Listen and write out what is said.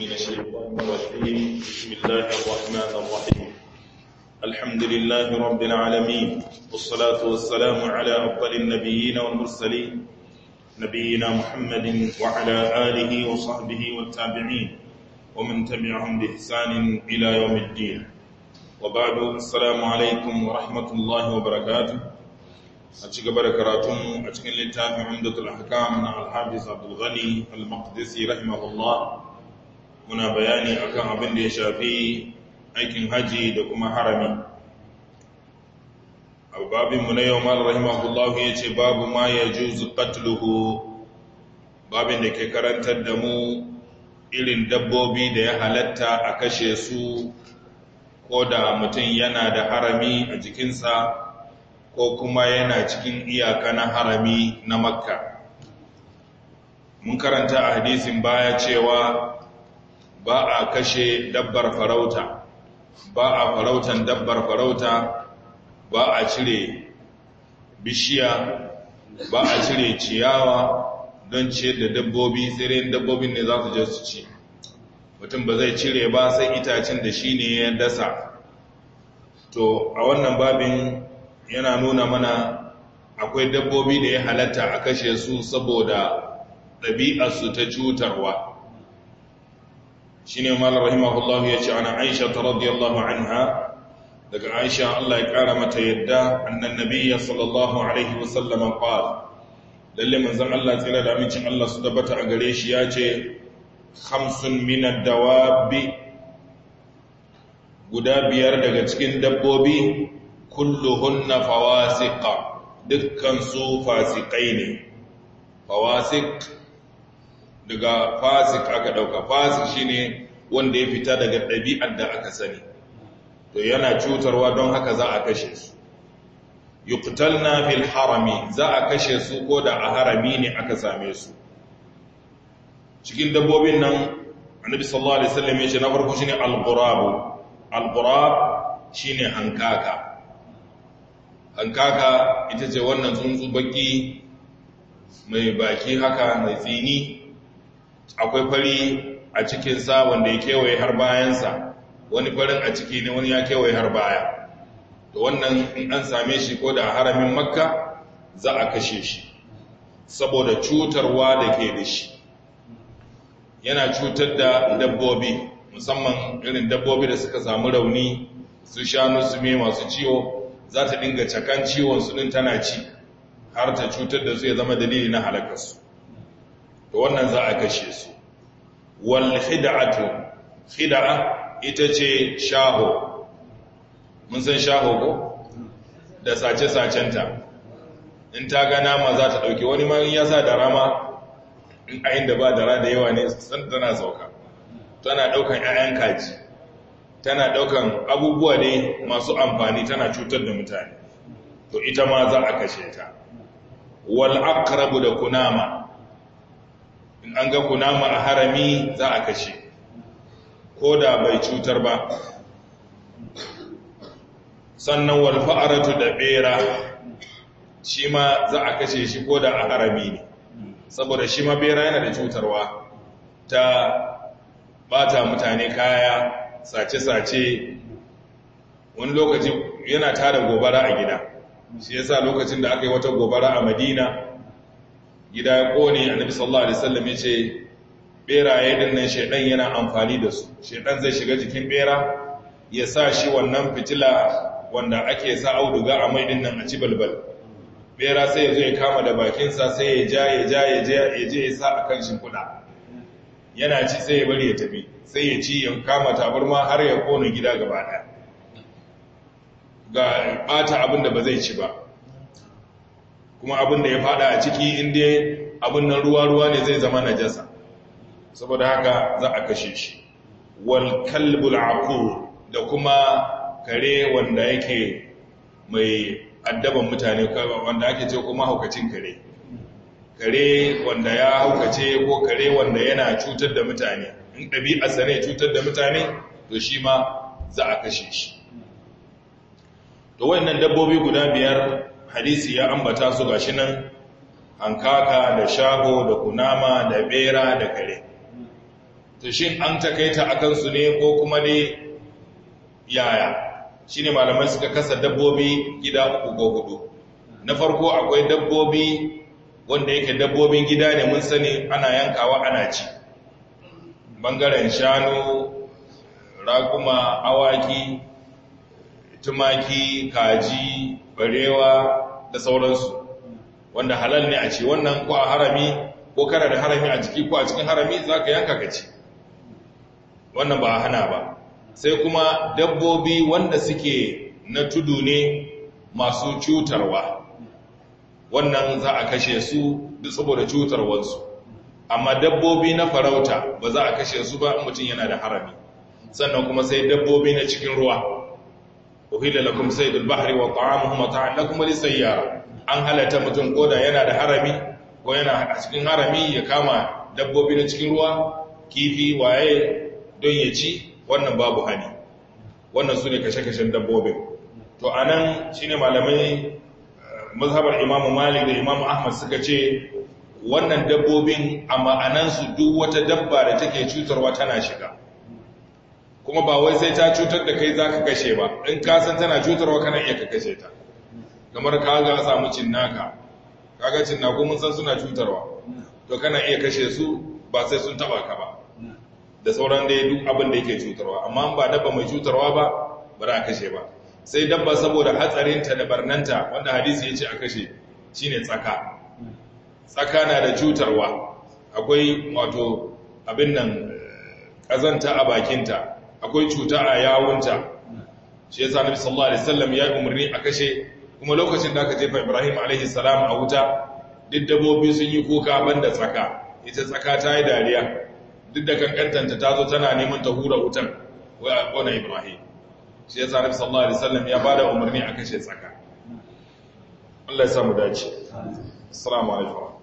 من الشيطان الرجيم بسم الله الرحمن الرحيم الحمد لله رب العالمين والصلاة والسلام على أفضل النبيين والمرسلين نبينا محمد وعلى آله وصحبه والتابعين ومن تبعهم بإحسان إلى يوم الدين وبعد السلام عليكم ورحمة الله وبركاته أتشك بركاتهم أتشك لتابع عمدة الأحكام مع الحافظ عبد الغني المقدسي رحمه الله muna bayani akan abin da ya shafi aikin haji da kuma harami babinmu na yau mal rahimahullahu ya ce babu ma ya juzu qatluhu babin da ke karantar da mu irin dabbobi da ya halatta a kashe su ko da mutum yana da harami a jikinsa ko kuma yana cikin iyaka na harami na makka mun karanta a hadisin baya cewa ba a kashe dabbar farauta ba a farautan dabbar farauta ba a cire bishiya ba a cire ciyawa don ciyar da dabbobi tsirin dabbobin ne za su je su ci mutum ba zai cire ba sai itacin da shi ne ya dasa to a wannan babin yana nuna mana akwai dabbobi da ya halatta a kashe su saboda ɗabi'arsu ta cutarwa shine malam rahimahullahu yace ana aisha radiyallahu anha daga aisha Allah ya kara mata yadda annan nabiyya sallallahu alaihi wasallam qala lalle manzon Allah tsira da amincin Allah su tabbata a gare shi yace khamsun min ad-dawabi guda biyar daga cikin dabbobi kulluhunna fawasiqa dukkan su fasikai ne fawasiq daga fasik aka dauka fasik shine wanda ya fita daga ɗabi'ar da aka sani to yana cutarwa don haka za a kashe su yuqtalna fil harami za a kashe su ko da a harami ne aka same su cikin dabbobin nan annabi sallallahu alaihi wasallam ya ce na farko shine al-qurab al-qurab shine hankaka hankaka ita ce wannan tsuntsu baki mai baki haka mai tsini akwai fari a cikin cikinsa da ya kewaye har bayansa wani farin a ciki ne wani ya kewaye har baya to wannan in an same shi ko da haramin makka za a kashe shi saboda cutarwa da ke da shi yana cutar da dabbobi musamman irin dabbobi da suka samu rauni su shanu su mai masu ciwo za ta dinga cakan ciwon su din tana ci har ta cutar da su ya zama dalili na halakarsu to wannan za a kashe su wal khid'atu khid'a ita ce shaho mun san shaho ko da sace-sacenta in ta ga nama za ta ɗauki wani ma in ya sa da rama in a inda ba dara da yawa ne san tana sauka tana ɗaukan 'ya'yan kaji tana ɗaukan abubuwa ne masu amfani tana cutar da mutane to ita ma za a kashe ta wal akrabu da kunama in an ga kunama a harami za a kashe ko da bai cutar ba sannan walfa'aratu da bera shi ma za a kashe shi ko da a harami ne saboda shi ma bera yana da cutarwa ta bata mutane kaya sace-sace wani lokaci yana tara gobara a gida shi yasa lokacin da aka yi wata gobara a madina gida ya kone annabi sallallahu alaihi wasallam ya ce beraye din nan shedan yana amfani da su shedan zai shiga jikin bera ya sa shi wannan fitila wanda ake sa auduga a mai din nan a ci balbal bera sai ya zo ya kama da bakinsa sai ya ja ya ja ya ja ya je ya sa akan shimfiɗa yana ci sai ya bari ya tafi sai ya ci ya kama taburma har ya kone gida gaba daya ga bata abin da ba zai ci ba kuma abin da ya fada a ciki inda abin nan ruwa-ruwa ne zai zama najasa saboda haka za a kashe shi wal kalbul aqur da kuma kare wanda yake mai addaban mutane wanda ake ce kuma haukacin kare kare wanda ya haukace ko kare wanda yana cutar da mutane in ɗabi'arsa ne cutar da mutane to shi ma za a kashe shi to wayannan dabbobi guda biyar hadisi ya ambata su gashi nan hankaka da shago da kunama da bera da kare to shin an takaita akan su ne ko kuma ne yaya shine malamai suka kasa dabbobi gida uku ko hudu na farko akwai dabbobi wanda yake dabbobin gida ne mun sani ana yankawa ana ci bangaren shanu raguma awaki tumaki kaji barewa da sauransu wanda halal ne a ce wannan ko a harami ko kana da harami a jiki ko a cikin harami za ka yanka ka ci wannan ba a hana ba sai kuma dabbobi wanda suke na tudu ne masu cutarwa wannan za a kashe su duk saboda cutarwarsu amma dabbobi na farauta ba za a kashe su ba mutum yana da harami sannan kuma sai dabbobi na cikin ruwa uhilla lakum saydul bahri wa ta'amuhu mata'an lakum lisayyara an halata mutum koda yana da harami ko yana a cikin harami ya kama dabbobi na cikin ruwa kifi waye don ya ci wannan babu hani wannan su kashe-kashen dabbobin to anan shine malamai eh, mazhabar imamu malik da imamu ahmad suka ce wannan dabbobin a ma'anansu duk wata dabba da take cutarwa tana shiga kuma ba wai sai ta cutar da kai za ka kashe ba in ka san tana cutarwa kana iya ka kashe ta kamar ka ga samu cinnaka kaga cinnaku mun san suna cutarwa to kana iya kashe su ba sai sun taba ka ba da sauran dai duk abin da yake cutarwa amma ba dabba mai cutarwa ba ba a kashe ba sai dabba saboda hatsarinta da barnanta wanda hadisi ya ce a kashe shine tsaka tsaka na da cutarwa akwai wato abin nan ƙazanta a bakinta akwai cuta a yawunta shi yasa nabi sallallahu alaihi wasallam ya yi umarni a kashe kuma lokacin da aka jefa Ibrahim alaihi salam a wuta duk dabbobi sun yi kuka banda tsaka ita tsaka ta yi dariya duk da kankantanta ta zo tana neman ta hura wutan wai a kona Ibrahim shi yasa nabi sallallahu alaihi wasallam ya bada umarni a kashe tsaka Allah ya samu dace assalamu alaikum